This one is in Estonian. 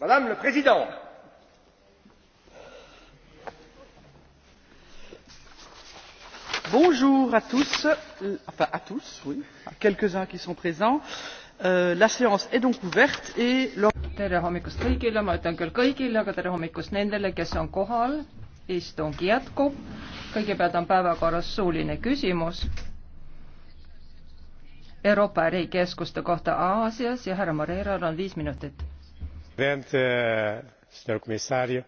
madame la présidente bonjour à tous euh, enfin à tous oui à quelques uns qui sont présents euh, la séance est donc ouverte et tere hommikust kõigile ma ütlen küll kõigile aga tere hommikust nendele kes on kohal istung jätkub kõigepealt on päevakorras suuline küsimus Euroopa ärikeskuste kohta Aasias ja härra Moreeral on viis minutit präsident herr eh, kommissar!